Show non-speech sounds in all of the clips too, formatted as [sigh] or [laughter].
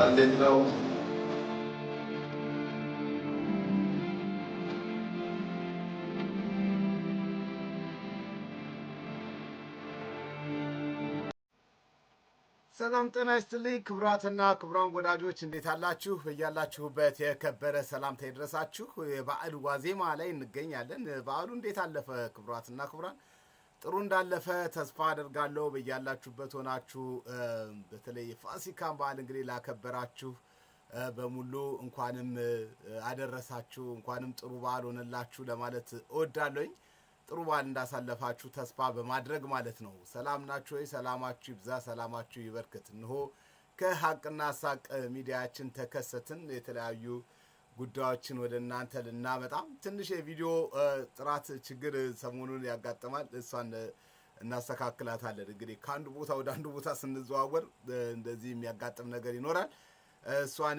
አንደኛው ሰላም ጤና ይስጥልኝ ክቡራትና ክቡራን ወዳጆች እንዴት አላችሁ? እያላችሁበት የከበረ ሰላምታ ይድረሳችሁ። የበዓል ዋዜማ ላይ እንገኛለን። በዓሉ እንዴት አለፈ? ክቡራትና ክቡራን ጥሩ እንዳለፈ ተስፋ አደርጋለሁ። በያላችሁበት ሆናችሁ በተለይ የፋሲካን በዓል እንግዲህ ላከበራችሁ በሙሉ እንኳንም አደረሳችሁ፣ እንኳንም ጥሩ በዓል ሆነላችሁ ለማለት እወዳለኝ። ጥሩ በዓል እንዳሳለፋችሁ ተስፋ በማድረግ ማለት ነው። ሰላም ናችሁ ወይ? ሰላማችሁ ይብዛ፣ ሰላማችሁ ይበርክት። እንሆ ከሀቅና ሳቅ ሚዲያችን ተከሰትን የተለያዩ ጉዳዮችን ወደ እናንተ ልናመጣ ትንሽ የቪዲዮ ጥራት ችግር ሰሞኑን ያጋጥማል። እሷን እናስተካክላታለን። እንግዲህ ከአንዱ ቦታ ወደ አንዱ ቦታ ስንዘዋወር እንደዚህ የሚያጋጥም ነገር ይኖራል። እሷን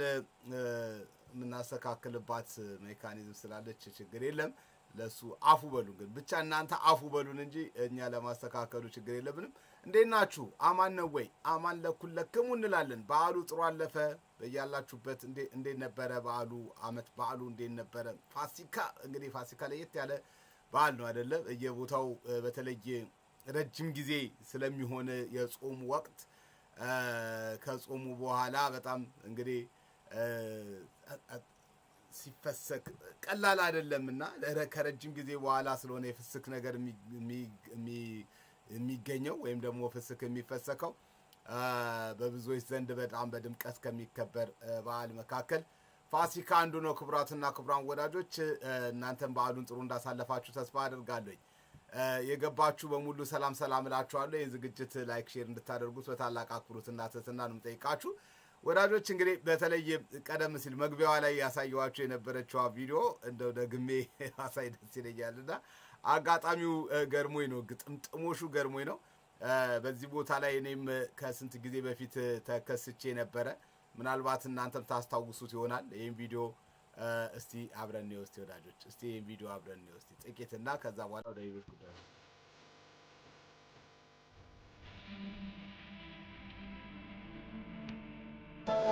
የምናስተካክልባት ሜካኒዝም ስላለች ችግር የለም። ለሱ አፉ በሉን ግን ብቻ እናንተ አፉ በሉን እንጂ እኛ ለማስተካከሉ ችግር የለብንም። እንዴት ናችሁ? አማን ነው ወይ? አማን ለኩለክሙ እንላለን። በዓሉ ጥሩ አለፈ? በያላችሁበት እንዴት ነበረ በዓሉ? አመት በዓሉ እንዴት ነበረ? ፋሲካ እንግዲህ ፋሲካ ለየት ያለ በዓል ነው አይደለም? የቦታው በተለየ ረጅም ጊዜ ስለሚሆን የጾሙ ወቅት ከጾሙ በኋላ በጣም እንግዲህ ሲፈሰክ ቀላል አይደለምና ከረጅም ጊዜ በኋላ ስለሆነ የፍስክ ነገር የሚገኘው ወይም ደግሞ ፍስክ የሚፈሰከው በብዙዎች ዘንድ በጣም በድምቀት ከሚከበር በዓል መካከል ፋሲካ አንዱ ነው። ክቡራትና ክቡራን ወዳጆች እናንተም በዓሉን ጥሩ እንዳሳለፋችሁ ተስፋ አድርጋለኝ። የገባችሁ በሙሉ ሰላም ሰላም እላችኋለሁ። ይህን ዝግጅት ላይክ፣ ሼር እንድታደርጉት በታላቅ አክብሮትና ትህትና ነው የምጠይቃችሁ። ወዳጆች እንግዲህ በተለይ ቀደም ሲል መግቢያዋ ላይ ያሳየኋችሁ የነበረችዋ ቪዲዮ እንደው ደግሜ [laughs] አሳይ ደስ ይለኛልና አጋጣሚው ገርሞኝ ነው፣ ግጥምጥሞሹ ገርሞኝ ነው። በዚህ ቦታ ላይ እኔም ከስንት ጊዜ በፊት ተከስቼ ነበረ። ምናልባት እናንተም ታስታውሱት ይሆናል። ይህም ቪዲዮ እስቲ አብረን ውስጥ ወዳጆች፣ እስቲ ይህም ቪዲዮ አብረን ውስጥ ጥቂት እና ከዛ በኋላ ወደ ሌሎች ጉዳዮች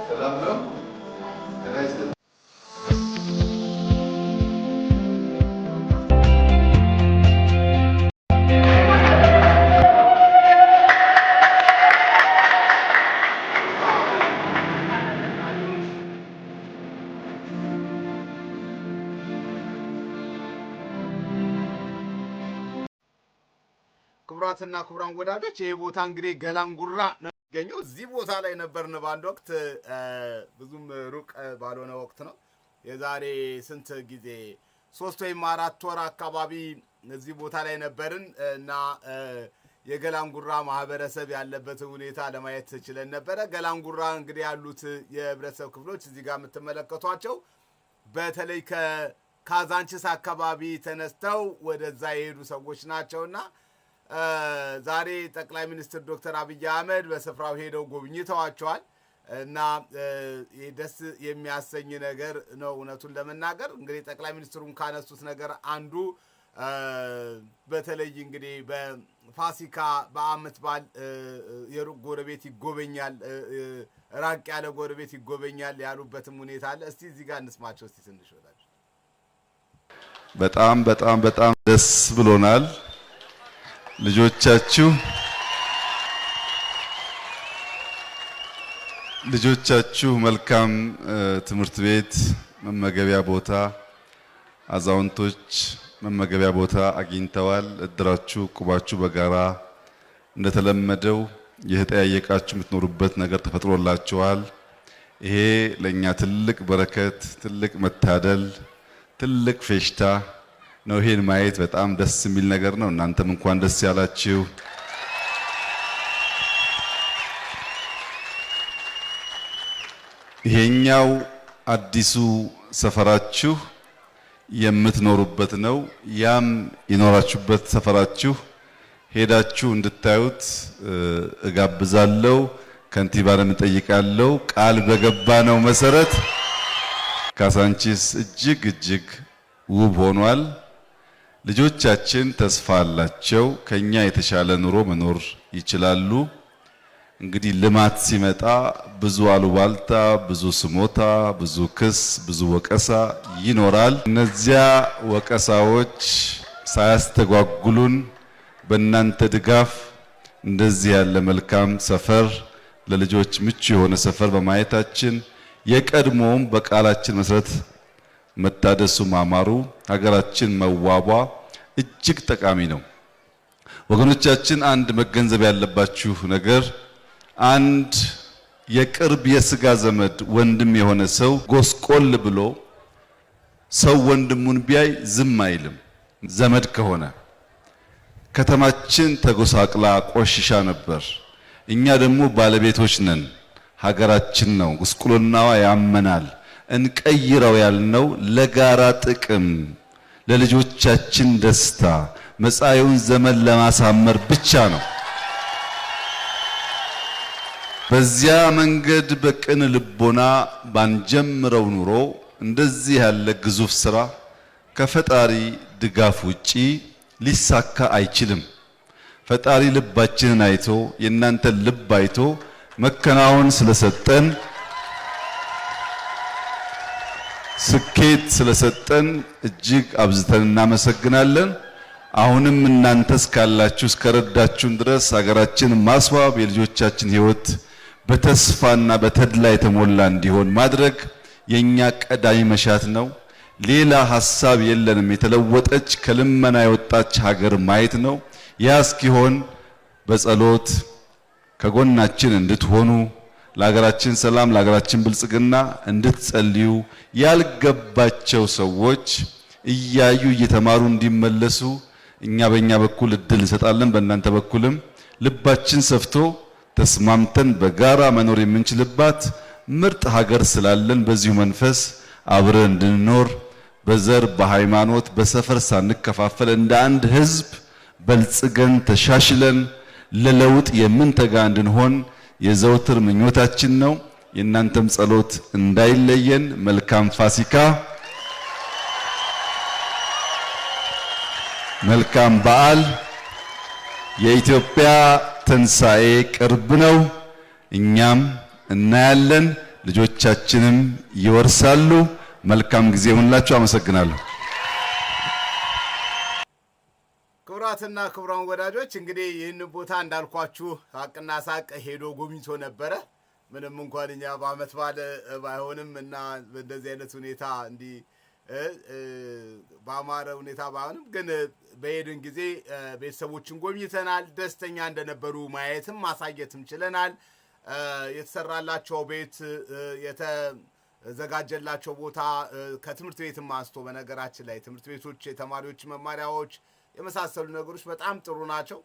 ሰላም ነው። ክቡራትና ክቡራን ወዳጆች ይህ ቦታ እንግዲህ ገላንጉራ ነው የሚገኘው። እዚህ ቦታ ላይ ነበርን በአንድ ወቅት፣ ብዙም ሩቅ ባልሆነ ወቅት ነው። የዛሬ ስንት ጊዜ ሶስት ወይም አራት ወር አካባቢ እዚህ ቦታ ላይ ነበርን እና የገላንጉራ ማህበረሰብ ያለበትን ሁኔታ ለማየት ችለን ነበረ። ገላንጉራ እንግዲህ ያሉት የህብረተሰብ ክፍሎች እዚህ ጋር የምትመለከቷቸው በተለይ ከካዛንችስ አካባቢ ተነስተው ወደዛ የሄዱ ሰዎች ናቸውና ዛሬ ጠቅላይ ሚኒስትር ዶክተር አብይ አህመድ በስፍራው ሄደው ጎብኝተዋቸዋል እና ደስ የሚያሰኝ ነገር ነው። እውነቱን ለመናገር እንግዲህ ጠቅላይ ሚኒስትሩን ካነሱት ነገር አንዱ በተለይ እንግዲህ በፋሲካ በዓመት በዓል የሩቅ ጎረቤት ይጎበኛል፣ ራቅ ያለ ጎረቤት ይጎበኛል ያሉበትም ሁኔታ አለ። እስቲ እዚህ ጋር እንስማቸው። እስቲ ትንሽ በጣም በጣም በጣም ደስ ብሎናል። ልጆቻችሁ ልጆቻችሁ መልካም ትምህርት ቤት፣ መመገቢያ ቦታ፣ አዛውንቶች መመገቢያ ቦታ አግኝተዋል። እድራችሁ ቁባችሁ በጋራ እንደተለመደው የተጠያየቃችሁ የምትኖሩበት ነገር ተፈጥሮላችኋል። ይሄ ለእኛ ትልቅ በረከት፣ ትልቅ መታደል፣ ትልቅ ፌሽታ ነው። ይሄን ማየት በጣም ደስ የሚል ነገር ነው። እናንተም እንኳን ደስ ያላችሁ። ይሄኛው አዲሱ ሰፈራችሁ የምትኖሩበት ነው። ያም የኖራችሁበት ሰፈራችሁ ሄዳችሁ እንድታዩት እጋብዛለሁ። ከንቲባንም እጠይቃለሁ። ቃል በገባ ነው መሰረት ካሳንቺስ እጅግ እጅግ ውብ ሆኗል። ልጆቻችን ተስፋ አላቸው። ከኛ የተሻለ ኑሮ መኖር ይችላሉ። እንግዲህ ልማት ሲመጣ ብዙ አሉባልታ፣ ብዙ ስሞታ፣ ብዙ ክስ፣ ብዙ ወቀሳ ይኖራል። እነዚያ ወቀሳዎች ሳያስተጓጉሉን በእናንተ ድጋፍ እንደዚህ ያለ መልካም ሰፈር ለልጆች ምቹ የሆነ ሰፈር በማየታችን የቀድሞውም በቃላችን መሰረት መታደሱ ማማሩ፣ ሀገራችን መዋቧ እጅግ ጠቃሚ ነው። ወገኖቻችን አንድ መገንዘብ ያለባችሁ ነገር አንድ የቅርብ የስጋ ዘመድ ወንድም የሆነ ሰው ጎስቆል ብሎ ሰው ወንድሙን ቢያይ ዝም አይልም። ዘመድ ከሆነ ከተማችን ተጎሳቅላ ቆሽሻ ነበር። እኛ ደግሞ ባለቤቶች ነን። ሀገራችን ነው። ጉስቁልናዋ ያመናል። እንቀይረው ያልነው ለጋራ ጥቅም፣ ለልጆቻችን ደስታ፣ መጻኢውን ዘመን ለማሳመር ብቻ ነው። በዚያ መንገድ በቅን ልቦና ባንጀምረው ኑሮ እንደዚህ ያለ ግዙፍ ስራ ከፈጣሪ ድጋፍ ውጪ ሊሳካ አይችልም። ፈጣሪ ልባችንን አይቶ የእናንተን ልብ አይቶ መከናወን ስለሰጠን ስኬት ስለሰጠን እጅግ አብዝተን እናመሰግናለን። አሁንም እናንተ እስካላችሁ እስከረዳችሁን ድረስ ሀገራችን ማስዋብ የልጆቻችን ሕይወት በተስፋና በተድላ የተሞላ እንዲሆን ማድረግ የኛ ቀዳሚ መሻት ነው። ሌላ ሀሳብ የለንም። የተለወጠች ከልመና የወጣች ሀገር ማየት ነው። ያ እስኪሆን በጸሎት ከጎናችን እንድትሆኑ ለሀገራችን ሰላም ለሀገራችን ብልጽግና እንድትጸልዩ ያልገባቸው ሰዎች እያዩ እየተማሩ እንዲመለሱ እኛ በእኛ በኩል እድል እንሰጣለን። በእናንተ በኩልም ልባችን ሰፍቶ ተስማምተን በጋራ መኖር የምንችልባት ምርጥ ሀገር ስላለን በዚሁ መንፈስ አብረን እንድንኖር በዘር በሃይማኖት በሰፈር ሳንከፋፈል እንደ አንድ ሕዝብ በልጽገን ተሻሽለን ለለውጥ የምንተጋ እንድንሆን የዘውትር ምኞታችን ነው። የእናንተም ጸሎት እንዳይለየን። መልካም ፋሲካ፣ መልካም በዓል። የኢትዮጵያ ትንሣኤ ቅርብ ነው። እኛም እናያለን፣ ልጆቻችንም ይወርሳሉ። መልካም ጊዜ ይሁንላችሁ። አመሰግናለሁ። ክቡራትና ክቡራን ወዳጆች እንግዲህ ይህን ቦታ እንዳልኳችሁ ሳቅና ሳቅ ሄዶ ጎብኝቶ ነበረ። ምንም እንኳን እኛ በዓመት በዓል ባይሆንም እና በእንደዚህ አይነት ሁኔታ እንዲህ በአማረ ሁኔታ ባይሆንም ግን በሄድን ጊዜ ቤተሰቦችን ጎብኝተናል። ደስተኛ እንደነበሩ ማየትም ማሳየትም ችለናል። የተሰራላቸው ቤት፣ የተዘጋጀላቸው ቦታ ከትምህርት ቤትም አንስቶ በነገራችን ላይ ትምህርት ቤቶች የተማሪዎች መማሪያዎች የመሳሰሉ ነገሮች በጣም ጥሩ ናቸው።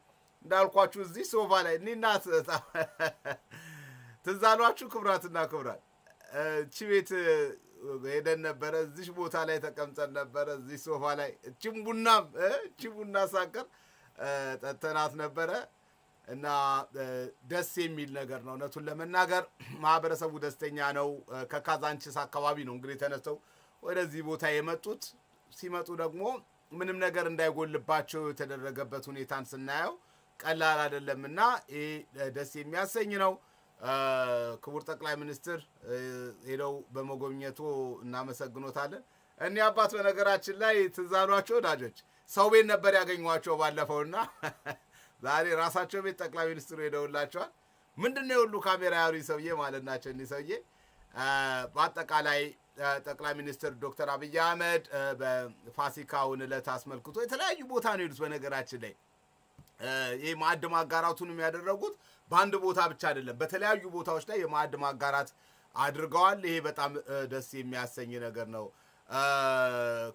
እንዳልኳችሁ እዚህ ሶፋ ላይ እኔና ትዝ [laughs] ትዛሏችሁ ክብራትና ክብራት እቺ ቤት ሄደን ነበረ። እዚህ ቦታ ላይ ተቀምጠን ነበረ፣ እዚህ ሶፋ ላይ እቺም ቡናም እቺ ቡና ሳቀር ጠተናት ነበረ እና ደስ የሚል ነገር ነው። እውነቱን ለመናገር ማህበረሰቡ ደስተኛ ነው። ከካዛንችስ አካባቢ ነው እንግዲህ ተነስተው ወደዚህ ቦታ የመጡት። ሲመጡ ደግሞ ምንም ነገር እንዳይጎልባቸው የተደረገበት ሁኔታን ስናየው ቀላል አይደለምና ይህ ደስ የሚያሰኝ ነው። ክቡር ጠቅላይ ሚኒስትር ሄደው በመጎብኘቱ እናመሰግኖታለን። እኒህ አባት በነገራችን ላይ ትዝ አሏቸው ወዳጆች፣ ሰው ቤት ነበር ያገኟቸው ባለፈውና [laughs] ዛሬ ራሳቸው ቤት ጠቅላይ ሚኒስትሩ ሄደውላቸዋል። ምንድን ነው የሁሉ ካሜራ ያሉ ሰውዬ ማለት ናቸው እኒህ ሰውዬ በአጠቃላይ ጠቅላይ ሚኒስትር ዶክተር አብይ አህመድ በፋሲካውን ዕለት አስመልክቶ የተለያዩ ቦታ ነው ሄዱት። በነገራችን ላይ ይህ ማዕድ ማጋራቱን የሚያደረጉት በአንድ ቦታ ብቻ አይደለም፣ በተለያዩ ቦታዎች ላይ የማዕድ ማጋራት አድርገዋል። ይሄ በጣም ደስ የሚያሰኝ ነገር ነው።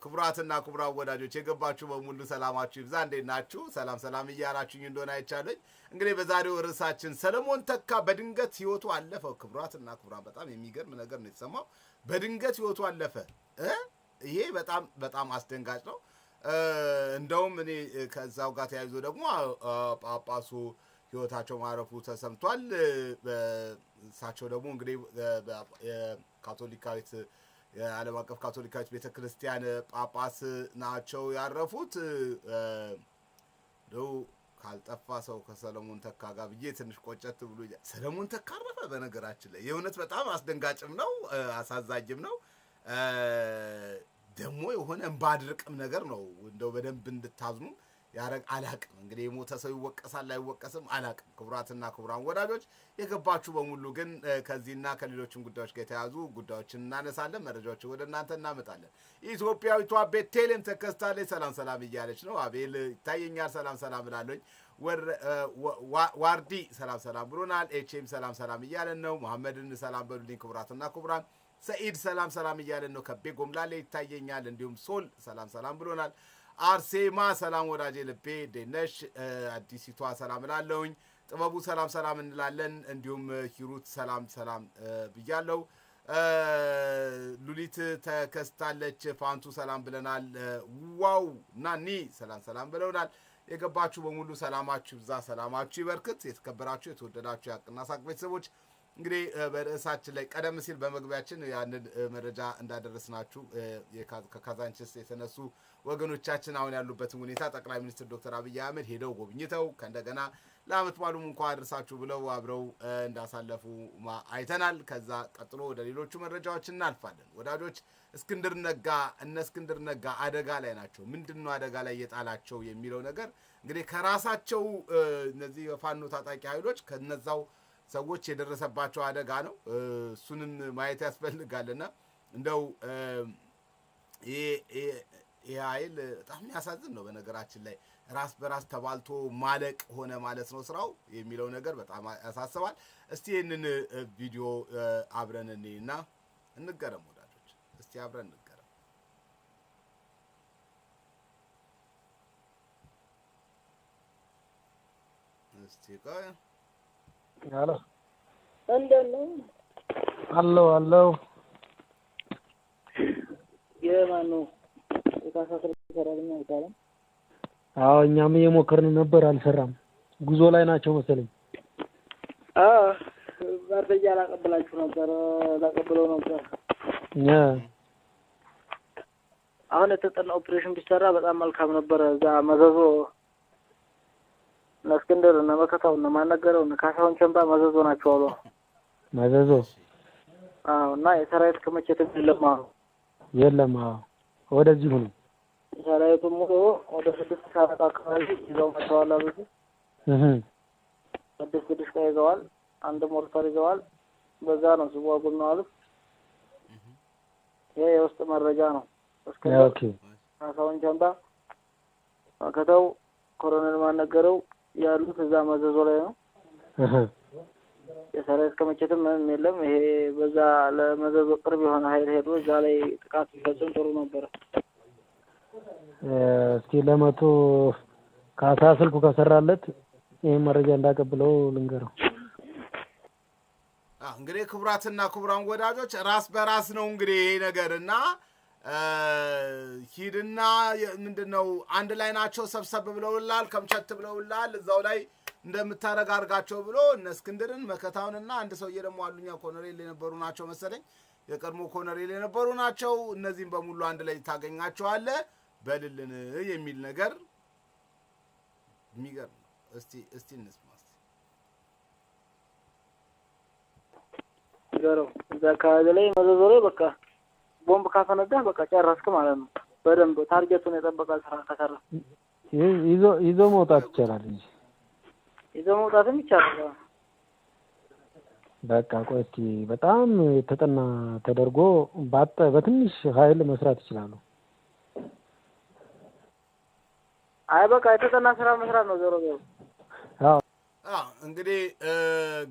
ክቡራትና ክቡራን ወዳጆች የገባችሁ በሙሉ ሰላማችሁ ይብዛ። እንዴት ናችሁ? ሰላም ሰላም እያላችሁኝ እንደሆነ አይቻለኝ። እንግዲህ በዛሬው ርዕሳችን ሰለሞን ተካ በድንገት ህይወቱ አለፈው። ክቡራትና ክቡራን በጣም የሚገርም ነገር ነው የተሰማው። በድንገት ህይወቱ አለፈ። ይሄ በጣም በጣም አስደንጋጭ ነው። እንደውም እኔ ከዛው ጋር ተያይዞ ደግሞ ጳጳሱ ህይወታቸው ማረፉ ተሰምቷል። እሳቸው ደግሞ እንግዲህ ካቶሊካዊት የዓለም አቀፍ ካቶሊካዊት ቤተ ክርስቲያን ጳጳስ ናቸው ያረፉት። ካልጠፋ ሰው ከሰለሞን ተካ ጋር ብዬ ትንሽ ቆጨት ብሎ ሰለሞን ተካ አረፈ። በነገራችን ላይ የእውነት በጣም አስደንጋጭም ነው አሳዛጅም ነው። ደግሞ የሆነ እንባ ነገር ነው። እንደው በደንብ እንድታዝኑ ያረግ አላቅም። እንግዲህ የሞተ ሰው ይወቀሳል አይወቀስም አላቅም። ክቡራትና ክቡራን ወዳጆች የገባችሁ በሙሉ ግን ከዚህና ከሌሎችም ጉዳዮች ጋር የተያዙ ጉዳዮችን እናነሳለን፣ መረጃዎችን ወደ እናንተ እናመጣለን። ኢትዮጵያዊቷ ቤቴልሄም ተከስታለች። ሰላም ሰላም እያለች ነው። አቤል ይታየኛል፣ ሰላም ሰላም እላለኝ። ዋርዲ ሰላም ሰላም ብሎናል። ኤችኤም ሰላም ሰላም እያለን ነው። መሐመድን ሰላም በሉልኝ ክቡራትና ክቡራን ሰኢድ ሰላም ሰላም እያለን ነው። ከቤ ጎምላሌ ይታየኛል። እንዲሁም ሶል ሰላም ሰላም ብሎናል። አርሴማ ሰላም ወዳጄ ልቤ ደነሽ አዲሲቷ ሰላም እላለውኝ ጥበቡ ሰላም ሰላም እንላለን። እንዲሁም ሂሩት ሰላም ሰላም ብያለው ሉሊት ተከስታለች። ፋንቱ ሰላም ብለናል። ዋው ናኒ ሰላም ሰላም ብለውናል። የገባችሁ በሙሉ ሰላማችሁ ብዛ፣ ሰላማችሁ ይበርክት። የተከበራችሁ የተወደዳችሁ የሀቅና ሳቅ ቤተሰቦች እንግዲህ በርዕሳችን ላይ ቀደም ሲል በመግቢያችን ያንን መረጃ እንዳደረስናችሁ ከካዛንችስ የተነሱ ወገኖቻችን አሁን ያሉበትን ሁኔታ ጠቅላይ ሚኒስትር ዶክተር አብይ አህመድ ሄደው ጎብኝተው ከእንደገና ለዓመት በዓሉም እንኳ አድርሳችሁ ብለው አብረው እንዳሳለፉ አይተናል። ከዛ ቀጥሎ ወደ ሌሎቹ መረጃዎች እናልፋለን። ወዳጆች እስክንድር ነጋ እነ እስክንድር ነጋ አደጋ ላይ ናቸው። ምንድን ነው አደጋ ላይ የጣላቸው የሚለው ነገር እንግዲህ ከራሳቸው እነዚህ የፋኖ ታጣቂ ኃይሎች ከነዛው ሰዎች የደረሰባቸው አደጋ ነው። እሱንም ማየት ያስፈልጋልና እንደው ይህ ኃይል በጣም የሚያሳዝን ነው። በነገራችን ላይ ራስ በራስ ተባልቶ ማለቅ ሆነ ማለት ነው ስራው የሚለው ነገር በጣም ያሳስባል። እስቲ ይህንን ቪዲዮ አብረን እና እንገረም ወዳጆች፣ እስቲ አብረን እንገረም። እስቲ ቆይ ሄሎ እንደት ነው? አለው አለው። የማን አዎ እኛም እየሞከርን ነበር፣ አልሰራም። ጉዞ ላይ ናቸው መሰለኝ። አዎ መረጃ ላቀብላችሁ ነበር፣ ላቀብለው ነበር። አሁን የተጠና ኦፕሬሽን ቢሰራ በጣም መልካም ነበረ። እዛ መዘዞ እነ እስክንድር እነ መከታው እነ ማነገረው እነ ካሳሁን ሸምባ መዘዞ ናቸው አሉ። መዘዞ አዎ። እና የሰራዊት ክምችትም የለም አሉ። የለም አዎ። ወደዚሁ ነው ሰራዊቱ ሙሉ ወደ ስድስት ሻለቃ አካባቢ ይዘው መጥተዋል አሉ። ስድስት ድሽቃ ይዘዋል። አንድ ሞርተር ይዘዋል። በዛ ነው ሲዋጉ ነው አሉት። ይሄ የውስጥ መረጃ ነው። እስከ ካሳሁን ቸምባ መከታው ኮሎኔል ማነገረው ያሉት እዛ መዘዞ ላይ ነው። የሰራዊት ክምችትም ምንም የለም። ይሄ በዛ ለመዘዞ ቅርብ የሆነ ሀይል ሄዶ እዛ ላይ ጥቃት ቢፈጽም ጥሩ ነበረ። እስቲ ለመቶ ካሳ ስልኩ ከሰራለት ይህም መረጃ እንዳቀብለው ልንገረው። እንግዲህ ክቡራትና ክቡራን ወዳጆች ራስ በራስ ነው እንግዲህ ይሄ ነገር እና ሂድና ምንድነው አንድ ላይ ናቸው ሰብሰብ ብለውላል፣ ከምቸት ብለውላል፣ እዛው ላይ አርጋቸው ብሎ እነ እስክንድርን መከታውንና አንድ ሰውዬ ደግሞ አሉኛ ኮሎኔል የነበሩ ናቸው መሰለኝ የቀድሞ ኮሎኔል የነበሩ ናቸው። እነዚህም በሙሉ አንድ ላይ ታገኛቸዋለ በልልን የሚል ነገር የሚገርም እስቲ እስቲ እንስማ። እዛ አካባቢ ላይ መዘዞሬ በቃ ቦምብ ካፈነዳህ በቃ ጨረስክ ማለት ነው። በደንብ ታርጌቱን የጠበቀ ስራ ከሰራ ይዞ ይዞ መውጣት ይቻላል እንጂ ይዞ መውጣትም ይቻላል። በቃ ቆይ እስኪ በጣም የተጠና ተደርጎ ባጠ በትንሽ ኃይል መስራት ይችላሉ። አይ በቃ የተጠና ስራ መስራት ነው ዞሮ ዞሮ እንግዲህ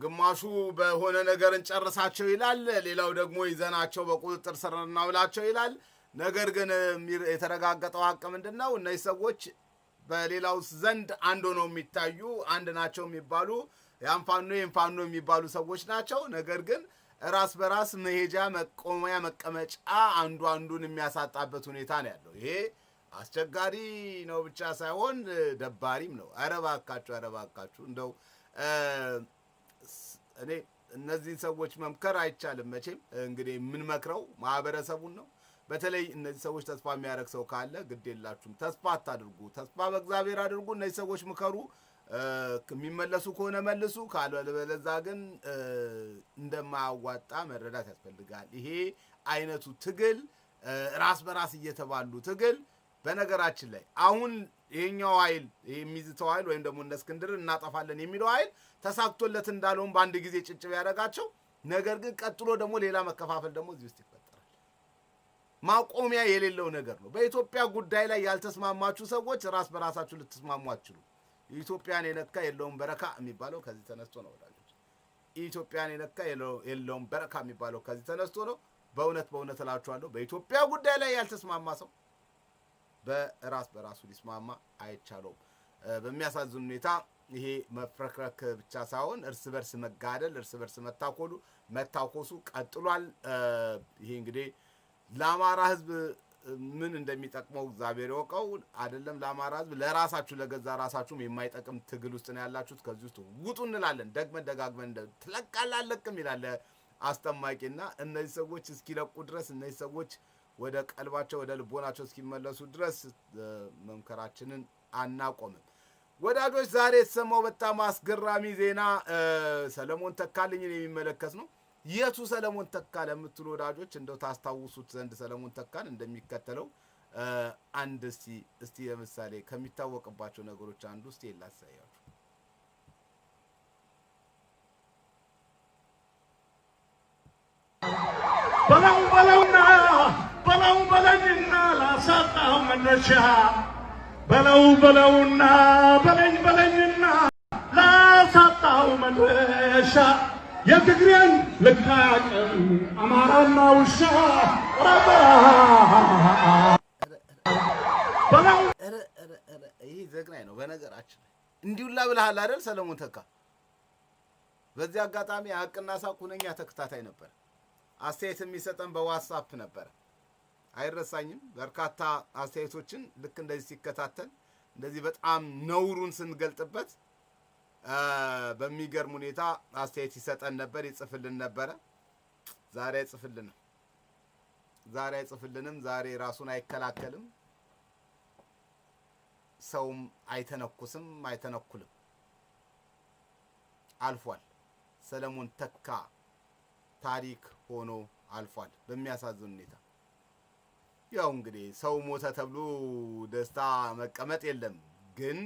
ግማሹ በሆነ ነገር እንጨርሳቸው ይላል፣ ሌላው ደግሞ ይዘናቸው በቁጥጥር ስር እናውላቸው ይላል። ነገር ግን የተረጋገጠው ሀቅ ምንድን ነው? እነዚህ ሰዎች በሌላው ዘንድ አንድ ነው የሚታዩ አንድ ናቸው የሚባሉ ያን ፋኖ የሚባሉ ሰዎች ናቸው። ነገር ግን ራስ በራስ መሄጃ መቆሚያ መቀመጫ አንዱ አንዱን የሚያሳጣበት ሁኔታ ነው ያለው ይሄ አስቸጋሪ ነው ብቻ ሳይሆን ደባሪም ነው። ኧረ እባካችሁ ኧረ እባካችሁ እንደው እኔ እነዚህን ሰዎች መምከር አይቻልም መቼም። እንግዲህ የምንመክረው ማህበረሰቡን ነው። በተለይ እነዚህ ሰዎች ተስፋ የሚያደርግ ሰው ካለ ግድ የላችሁም፣ ተስፋ አታድርጉ፣ ተስፋ በእግዚአብሔር አድርጉ። እነዚህ ሰዎች ምከሩ፣ የሚመለሱ ከሆነ መልሱ፣ ካልበለዛ ግን እንደማያዋጣ መረዳት ያስፈልጋል። ይሄ አይነቱ ትግል ራስ በራስ እየተባሉ ትግል በነገራችን ላይ አሁን ይሄኛው ኃይል የሚዝተው ኃይል ወይም ደግሞ እነ እስክንድር እናጠፋለን የሚለው ኃይል ተሳክቶለት እንዳለውን በአንድ ጊዜ ጭጭብ ያደረጋቸው፣ ነገር ግን ቀጥሎ ደግሞ ሌላ መከፋፈል ደግሞ እዚህ ውስጥ ይፈጠራል። ማቆሚያ የሌለው ነገር ነው። በኢትዮጵያ ጉዳይ ላይ ያልተስማማችሁ ሰዎች ራስ በራሳችሁ ልትስማሙ አትችሉ። ኢትዮጵያን የነካ የለውም በረካ የሚባለው ከዚህ ተነስቶ ነው። ወዳጆች ኢትዮጵያን የነካ የለውም በረካ የሚባለው ከዚህ ተነስቶ ነው። በእውነት በእውነት እላችኋለሁ በኢትዮጵያ ጉዳይ ላይ ያልተስማማ ሰው በራስ በራሱ ሊስማማ አይቻለውም። በሚያሳዝን ሁኔታ ይሄ መፍረክረክ ብቻ ሳይሆን እርስ በርስ መጋደል፣ እርስ በርስ መታኮሉ መታኮሱ ቀጥሏል። ይሄ እንግዲህ ለአማራ ህዝብ ምን እንደሚጠቅመው እግዚአብሔር ይወቀው። አይደለም ለአማራ ህዝብ ለራሳችሁ ለገዛ ራሳችሁም የማይጠቅም ትግል ውስጥ ነው ያላችሁት። ከዚህ ውስጥ ውጡ እንላለን። ደግመን ደጋግመን ትለቃላለቅም ይላለ አስጠማቂና እነዚህ ሰዎች እስኪለቁ ድረስ እነዚህ ሰዎች ወደ ቀልባቸው ወደ ልቦናቸው እስኪመለሱ ድረስ መምከራችንን አናቆምም። ወዳጆች ዛሬ የተሰማው በጣም አስገራሚ ዜና ሰለሞን ተካልኝን የሚመለከት ነው። የቱ ሰለሞን ተካ ለምትሉ ወዳጆች እንደው ታስታውሱት ዘንድ ሰለሞን ተካን እንደሚከተለው አንድ እስቲ እስቲ ለምሳሌ ከሚታወቅባቸው ነገሮች አንዱ እስቲ ላሳያችሁ። መነሻ በለው በለውና በለኝ በለኝና ላሳጣው መነሻ የትግሬን ልካቅም አማራና ውሻ ይህ ዘግናኝ ነው። በነገራችን እንዲሁላ ብልሃል አይደል ሰለሞን ተካ። በዚህ አጋጣሚ ሀቅና ሳቅ ሁነኛ ተከታታይ ነበር። አስተያየት የሚሰጠን በዋትሳፕ ነበር። አይረሳኝም። በርካታ አስተያየቶችን ልክ እንደዚህ ሲከታተል እንደዚህ በጣም ነውሩን ስንገልጥበት በሚገርም ሁኔታ አስተያየት ይሰጠን ነበር፣ ይጽፍልን ነበረ። ዛሬ አይጽፍልንም። ዛሬ አይጽፍልንም። ዛሬ ራሱን አይከላከልም። ሰውም አይተነኩስም፣ አይተነኩልም። አልፏል። ሰለሞን ተካ ታሪክ ሆኖ አልፏል በሚያሳዝን ሁኔታ። ያው እንግዲህ ሰው ሞተ ተብሎ ደስታ መቀመጥ የለም። ግን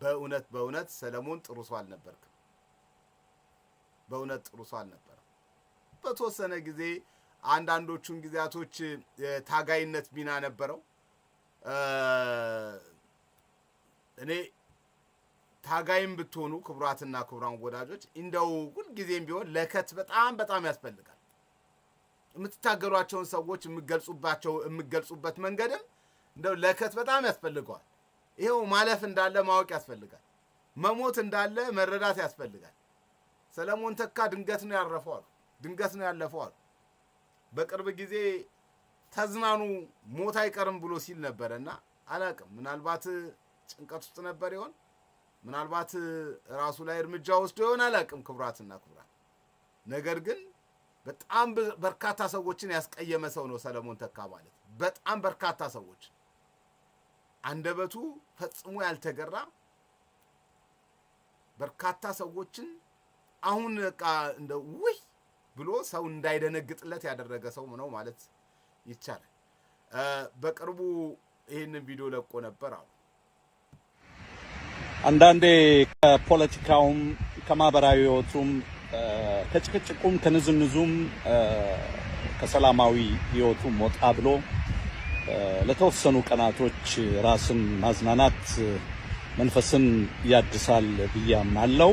በእውነት በእውነት ሰለሞን ጥሩ ሰው አልነበርክም። በእውነት ጥሩ ሰው አልነበረም። በተወሰነ ጊዜ አንዳንዶቹን ጊዜያቶች ታጋይነት ሚና ነበረው። እኔ ታጋይም ብትሆኑ ክቡራትና ክቡራን ወዳጆች እንደው ሁልጊዜም ቢሆን ለከት በጣም በጣም ያስፈልጋል። የምትታገሏቸውን ሰዎች የምገልጹባቸው የምገልጹበት መንገድም እንደው ለከት በጣም ያስፈልገዋል። ይኸው ማለፍ እንዳለ ማወቅ ያስፈልጋል። መሞት እንዳለ መረዳት ያስፈልጋል። ሰለሞን ተካ ድንገት ነው ያረፈዋል፣ ድንገት ነው ያለፈዋል። በቅርብ ጊዜ ተዝናኑ ሞት አይቀርም ብሎ ሲል ነበረ እና አላቅም፣ ምናልባት ጭንቀት ውስጥ ነበር ይሆን? ምናልባት ራሱ ላይ እርምጃ ወስዶ ይሆን? አላቅም ክቡራትና ክቡራት ነገር ግን በጣም በርካታ ሰዎችን ያስቀየመ ሰው ነው ሰለሞን ተካ ማለት። በጣም በርካታ ሰዎች አንደበቱ ፈጽሞ ያልተገራ በርካታ ሰዎችን አሁን በቃ እንደ ውይ ብሎ ሰው እንዳይደነግጥለት ያደረገ ሰው ነው ማለት ይቻላል። በቅርቡ ይህንን ቪዲዮ ለቆ ነበር አሉ። አንዳንዴ ከፖለቲካውም ከማህበራዊ ህይወቱም ከጭቅጭቁም ከንዝንዙም ከሰላማዊ ህይወቱ ወጣ ብሎ ለተወሰኑ ቀናቶች ራስን ማዝናናት መንፈስን ያድሳል ብያም አለው።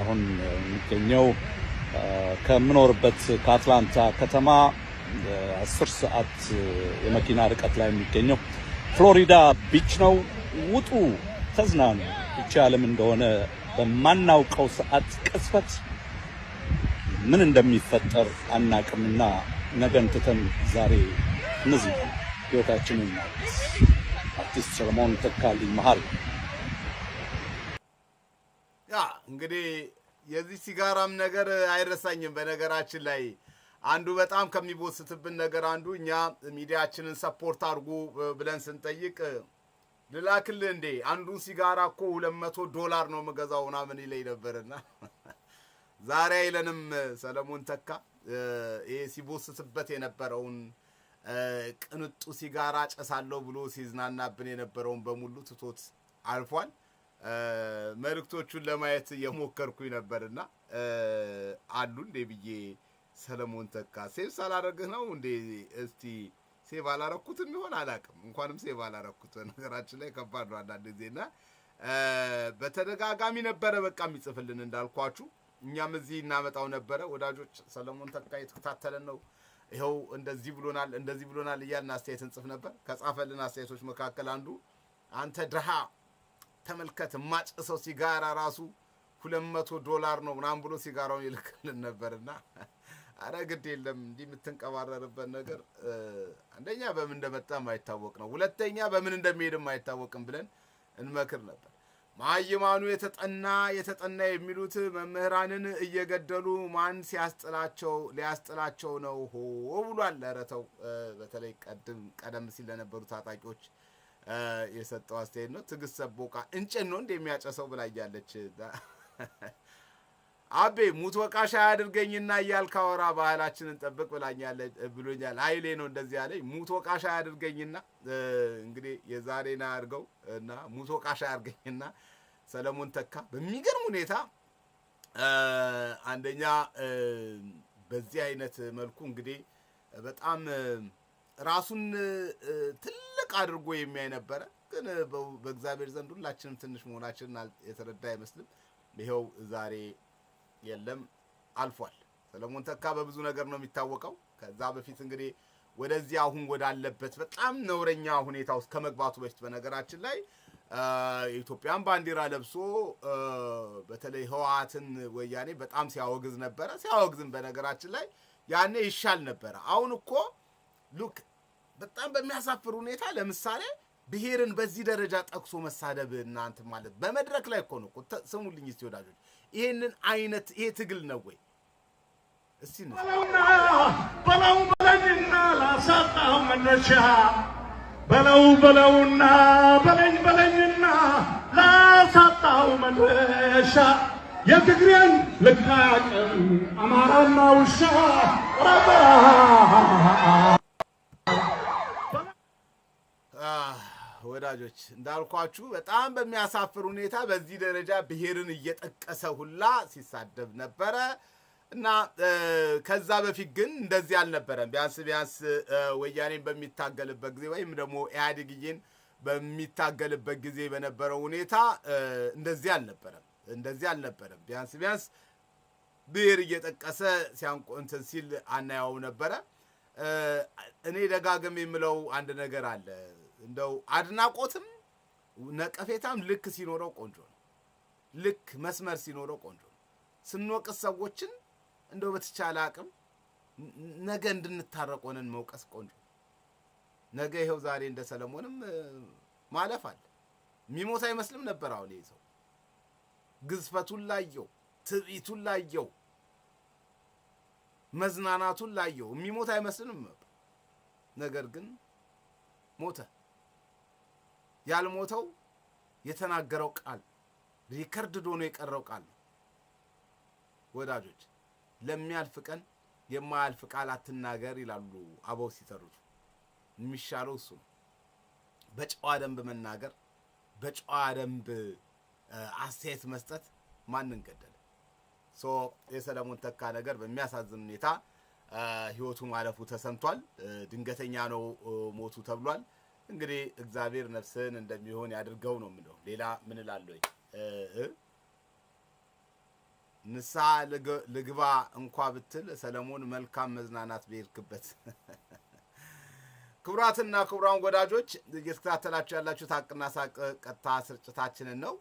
አሁን የሚገኘው ከምኖርበት ከአትላንታ ከተማ አስር ሰዓት የመኪና ርቀት ላይ የሚገኘው ፍሎሪዳ ቢች ነው። ውጡ፣ ተዝናኑ። ይቺ ዓለም እንደሆነ በማናውቀው ሰዓት ቅጽበት ምን እንደሚፈጠር አናቅምና ነገን ትተን ዛሬ እነዚህ ህይወታችንን ማስ አርቲስት ሰለሞን ተካልኝ መሀል ያ እንግዲህ የዚህ ሲጋራም ነገር አይረሳኝም። በነገራችን ላይ አንዱ በጣም ከሚቦስትብን ነገር አንዱ እኛ ሚዲያችንን ሰፖርት አድርጉ ብለን ስንጠይቅ ልላክል እንዴ አንዱን ሲጋራ እኮ ሁለት መቶ ዶላር ነው የምገዛው ምናምን ይለኝ ነበርና ዛሬ አይለንም ሰለሞን ተካ ይህ ሲቦስስበት የነበረውን ቅንጡ ሲጋራ ጨሳለሁ ብሎ ሲዝናናብን የነበረውን በሙሉ ትቶት አልፏል። መልእክቶቹን ለማየት የሞከርኩኝ ነበርና አሉ እንዴ ብዬ ሰለሞን ተካ ሴቭ ሳላደረግህ ነው እንዴ? እስቲ ሴቭ አላረኩትም ይሆን አላቅም። እንኳንም ሴቭ አላረኩት። ነገራችን ላይ ከባድ ነው አንዳንድ ጊዜና በተደጋጋሚ ነበረ በቃ የሚጽፍልን እንዳልኳችሁ እኛም እዚህ እናመጣው ነበረ። ወዳጆች ሰለሞን ተካ የተከታተለን ነው። ይኸው እንደዚህ ብሎናል፣ እንደዚህ ብሎናል እያልን አስተያየት እንጽፍ ነበር። ከጻፈልን አስተያየቶች መካከል አንዱ አንተ ድሃ ተመልከት፣ ማጭሰው ሲጋራ ራሱ ሁለት መቶ ዶላር ነው ምናምን ብሎ ሲጋራውን ይልክልን ነበርና [laughs] አረ ግድ የለም እንዲህ የምትንቀባረርበት ነገር አንደኛ በምን እንደመጣ ማይታወቅ ነው፣ ሁለተኛ በምን እንደሚሄድም አይታወቅም ብለን እንመክር ነበር። ማይማኑ የተጠና የተጠና የሚሉት መምህራንን እየገደሉ ማን ሲያስጥላቸው ሊያስጥላቸው ነው ሆ ብሏል። ለረተው በተለይ ቀድም ቀደም ሲል ለነበሩ ታጣቂዎች የሰጠው አስተያየት ነው። ትግስት ሰቦቃ እንጨን ነው እንደሚያጨሰው ብላያለች። አቤ ሙት ወቃሽ አያድርገኝና እያልክ አወራ ባህላችንን ጠብቅ ብላኛለች ብሎኛል። ኃይሌ ነው እንደዚህ ያለኝ። ሙት ወቃሽ አያድርገኝና እንግዲህ የዛሬን አድርገው እና ሙት ወቃሽ አያድርገኝና ሰለሞን ተካ በሚገርም ሁኔታ አንደኛ በዚህ አይነት መልኩ እንግዲህ በጣም ራሱን ትልቅ አድርጎ የሚያይ ነበረ። ግን በእግዚአብሔር ዘንድ ሁላችንም ትንሽ መሆናችንን የተረዳ አይመስልም። ይኸው ዛሬ የለም አልፏል። ሰለሞን ተካ በብዙ ነገር ነው የሚታወቀው። ከዛ በፊት እንግዲህ ወደዚህ አሁን ወዳለበት በጣም ነውረኛ ሁኔታ ውስጥ ከመግባቱ በፊት በነገራችን ላይ የኢትዮጵያን ባንዲራ ለብሶ በተለይ ህወሓትን ወያኔ በጣም ሲያወግዝ ነበረ። ሲያወግዝም በነገራችን ላይ ያኔ ይሻል ነበረ። አሁን እኮ ሉክ በጣም በሚያሳፍር ሁኔታ ለምሳሌ ብሔርን በዚህ ደረጃ ጠቅሶ መሳደብ እናንት ማለት በመድረክ ላይ እኮ ነው። ስሙልኝ እስቲ ወዳጆች ይህንን አይነት ይሄ ትግል ነው ወይ? እስቲ በለው በለኝና ላሳጣው መነሻ በለው በለውና በለኝ በለኝና ላሳጣው መነሻ የትግሬን ልቃቅም አማራና ውሻ ወዳጆች እንዳልኳችሁ በጣም በሚያሳፍር ሁኔታ በዚህ ደረጃ ብሔርን እየጠቀሰ ሁላ ሲሳደብ ነበረ እና ከዛ በፊት ግን እንደዚህ አልነበረም። ቢያንስ ቢያንስ ወያኔን በሚታገልበት ጊዜ ወይም ደግሞ ኢህአዴግዬን በሚታገልበት ጊዜ በነበረው ሁኔታ እንደዚህ አልነበረም፣ እንደዚህ አልነበረም። ቢያንስ ቢያንስ ብሔር እየጠቀሰ ሲያንቆንትን ሲል አናየው ነበረ። እኔ ደጋግም የምለው አንድ ነገር አለ እንደው አድናቆትም ነቀፌታም ልክ ሲኖረው ቆንጆ ነው። ልክ መስመር ሲኖረው ቆንጆ ነው። ስንወቅስ ሰዎችን እንደው በተቻለ አቅም ነገ እንድንታረቅ ሆነን መውቀስ ቆንጆ ነገ ይኸው ዛሬ እንደ ሰለሞንም ማለፍ አለ። የሚሞት አይመስልም ነበር። አሁን ይህ ሰው ግዝፈቱን ላየው፣ ትርኢቱን ላየው፣ መዝናናቱን ላየው። የሚሞት አይመስልም ነበር፣ ነገር ግን ሞተ። ያልሞተው የተናገረው ቃል ሪከርድ ዶኖ የቀረው ቃል ነው። ወዳጆች ለሚያልፍ ቀን የማያልፍ ቃል አትናገር ይላሉ አበው ሲተርቱ። የሚሻለው እሱ ነው። በጨዋ ደንብ መናገር፣ በጨዋ ደንብ አስተያየት መስጠት ማንን ገደለ? ሶ የሰለሞን ተካ ነገር በሚያሳዝን ሁኔታ ህይወቱ ማለፉ ተሰምቷል። ድንገተኛ ነው ሞቱ ተብሏል። እንግዲህ እግዚአብሔር ነፍስን እንደሚሆን ያድርገው ነው የምለው። ሌላ ምን እላለሁ? ንስሐ ልግባ እንኳ ብትል ሰለሞን መልካም መዝናናት በሄድክበት። ክቡራትና ክቡራን ወዳጆች እየተከታተላችሁ ያላችሁት ሀቅና ሳቅ ቀጥታ ስርጭታችንን ነው።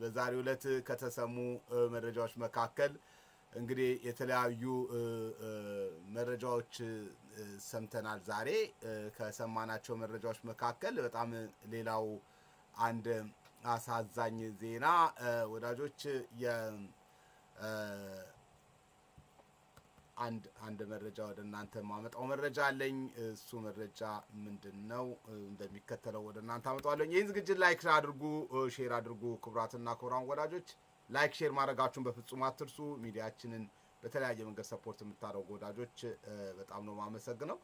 በዛሬው ዕለት ከተሰሙ መረጃዎች መካከል እንግዲህ የተለያዩ መረጃዎች ሰምተናል። ዛሬ ከሰማናቸው መረጃዎች መካከል በጣም ሌላው አንድ አሳዛኝ ዜና ወዳጆች አንድ አንድ መረጃ ወደ እናንተ ማመጣው መረጃ አለኝ። እሱ መረጃ ምንድን ነው? እንደሚከተለው ወደ እናንተ አመጣዋለኝ። ይህን ዝግጅት ላይክ አድርጉ፣ ሼር አድርጉ። ክቡራትና ክቡራን ወዳጆች ላይክ ሼር ማድረጋችሁን በፍጹም አትርሱ። ሚዲያችንን በተለያየ መንገድ ሰፖርት የምታደርጉ ወዳጆች በጣም ነው የማመሰግነው።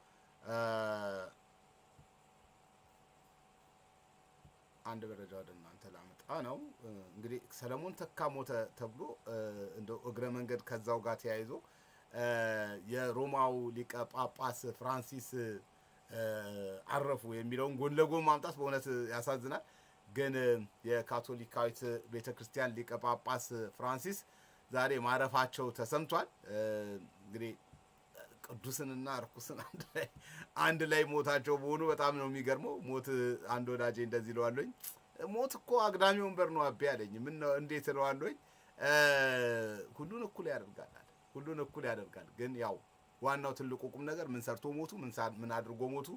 አንድ መረጃ ወደ እናንተ ላመጣ ነው። እንግዲህ ሰለሞን ተካ ሞተ ተብሎ እንደ እግረ መንገድ ከዛው ጋር ተያይዞ የሮማው ሊቀ ጳጳስ ፍራንሲስ አረፉ የሚለውን ጎን ለጎን ማምጣት በእውነት ያሳዝናል። ግን የካቶሊካዊት ቤተ ክርስቲያን ሊቀ ጳጳስ ፍራንሲስ ዛሬ ማረፋቸው ተሰምቷል። እንግዲህ ቅዱስንና ርኩስን አንድ ላይ ሞታቸው በሆኑ በጣም ነው የሚገርመው። ሞት አንድ ወዳጄ እንደዚህ ለዋለኝ ሞት እኮ አግዳሚ ወንበር ነው አቤ አለኝ። ምን እንዴት ለዋለኝ ሁሉን እኩል ያደርጋል ሁሉን እኩል ያደርጋል። ግን ያው ዋናው ትልቁ ቁም ነገር ምን ሰርቶ ሞቱ፣ ምን አድርጎ ሞቱ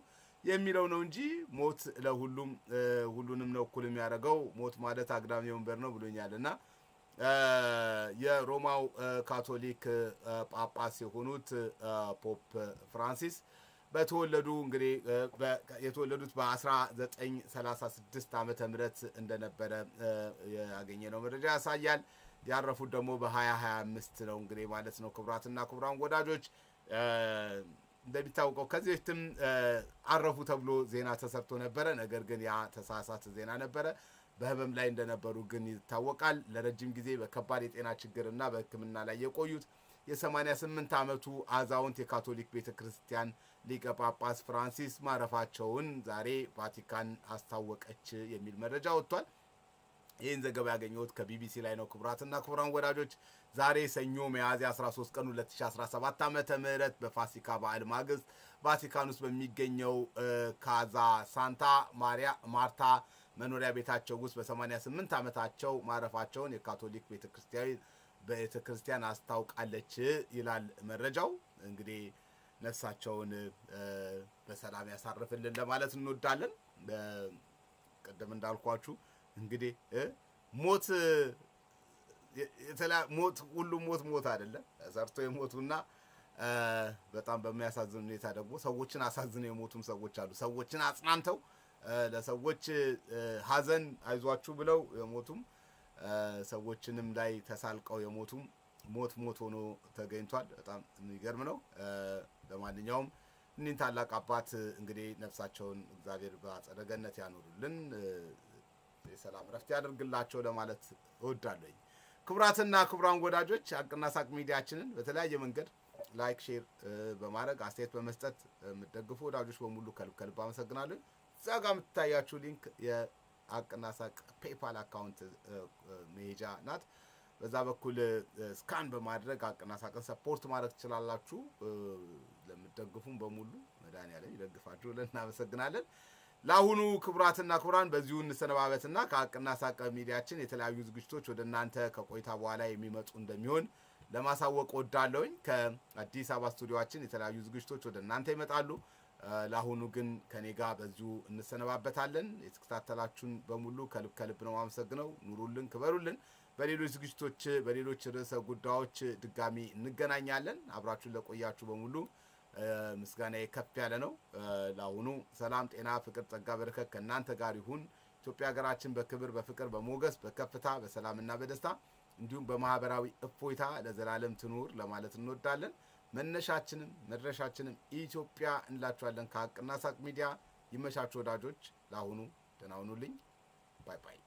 የሚለው ነው እንጂ ሞት ለሁሉም ሁሉንም ነው እኩል የሚያደርገው ሞት ማለት አግዳሚ ወንበር ነው ብሎኛል። እና የሮማው ካቶሊክ ጳጳስ የሆኑት ፖፕ ፍራንሲስ በተወለዱ እንግዲህ የተወለዱት በ1936 ዓመተ ምህረት እንደነበረ ነው መረጃ ያሳያል። ያረፉት ደግሞ በ2025 ነው እንግዲህ ማለት ነው። ክቡራትና ክቡራን ወዳጆች እንደሚታወቀው ከዚህ በፊትም አረፉ ተብሎ ዜና ተሰርቶ ነበረ። ነገር ግን ያ ተሳሳተ ዜና ነበረ። በህመም ላይ እንደነበሩ ግን ይታወቃል። ለረጅም ጊዜ በከባድ የጤና ችግርና በሕክምና ላይ የቆዩት የ88 ዓመቱ አዛውንት የካቶሊክ ቤተ ክርስቲያን ሊቀ ጳጳስ ፍራንሲስ ማረፋቸውን ዛሬ ቫቲካን አስታወቀች የሚል መረጃ ወጥቷል። ይህን ዘገባ ያገኘሁት ከቢቢሲ ላይ ነው። ክቡራትና ክቡራን ወዳጆች ዛሬ ሰኞ ሚያዝያ 13 ቀን 2017 ዓ ም በፋሲካ በዓል ማግስት ቫቲካን ውስጥ በሚገኘው ካዛ ሳንታ ማሪያ ማርታ መኖሪያ ቤታቸው ውስጥ በ88 ዓመታቸው ማረፋቸውን የካቶሊክ ቤተ ክርስቲያን አስታውቃለች ይላል መረጃው። እንግዲህ ነፍሳቸውን በሰላም ያሳርፍልን ለማለት እንወዳለን። ቅድም እንዳልኳችሁ እንግዲህ ሞት ሞት ሁሉም ሞት ሞት አይደለም። ሰርቶ የሞቱና በጣም በሚያሳዝን ሁኔታ ደግሞ ሰዎችን አሳዝነው የሞቱም ሰዎች አሉ። ሰዎችን አጽናንተው ለሰዎች ሀዘን አይዟችሁ ብለው የሞቱም ሰዎችንም ላይ ተሳልቀው የሞቱም ሞት ሞት ሆኖ ተገኝቷል። በጣም የሚገርም ነው። ለማንኛውም እኒህን ታላቅ አባት እንግዲህ ነፍሳቸውን እግዚአብሔር በአጸደ ገነት ያኖሩልን። የሰላም ረፍት ያደርግላቸው ለማለት እወዳለኝ። ክቡራትና ክቡራን ወዳጆች አቅና ሳቅ ሚዲያችንን በተለያየ መንገድ ላይክ፣ ሼር በማድረግ አስተያየት በመስጠት የምትደግፉ ወዳጆች በሙሉ ከልብ ከልብ አመሰግናለሁ። እዛ ጋር የምትታያችሁ ሊንክ የአቅና ሳቅ ፔፓል አካውንት መሄጃ ናት። በዛ በኩል ስካን በማድረግ አቅና ሳቅን ሰፖርት ማድረግ ትችላላችሁ። ለምትደግፉም በሙሉ መድኃኒዓለም ይደግፋችሁ ብለን እናመሰግናለን። ለአሁኑ ክቡራትና ክቡራን በዚሁ እንሰነባበትና ከአቅና ሳቀ ሚዲያችን የተለያዩ ዝግጅቶች ወደ እናንተ ከቆይታ በኋላ የሚመጡ እንደሚሆን ለማሳወቅ ወዳለውኝ። ከአዲስ አበባ ስቱዲዮችን የተለያዩ ዝግጅቶች ወደ እናንተ ይመጣሉ። ለአሁኑ ግን ከኔ ጋር በዚሁ እንሰነባበታለን። የተከታተላችሁን በሙሉ ከልብ ከልብ ነው አመሰግነው። ኑሩልን፣ ክበሩልን። በሌሎች ዝግጅቶች፣ በሌሎች ርዕሰ ጉዳዮች ድጋሚ እንገናኛለን። አብራችሁን ለቆያችሁ በሙሉ ምስጋና ከፍ ያለ ነው። ለአሁኑ ሰላም፣ ጤና፣ ፍቅር፣ ጸጋ፣ በረከት ከእናንተ ጋር ይሁን። ኢትዮጵያ ሀገራችን በክብር በፍቅር በሞገስ በከፍታ በሰላምና በደስታ እንዲሁም በማህበራዊ እፎይታ ለዘላለም ትኑር ለማለት እንወዳለን። መነሻችንም መድረሻችንም ኢትዮጵያ እንላችኋለን። ከሀቅና ሳቅ ሚዲያ ይመቻችሁ ወዳጆች። ለአሁኑ ደህና ሁኑልኝ። ባይ ባይ።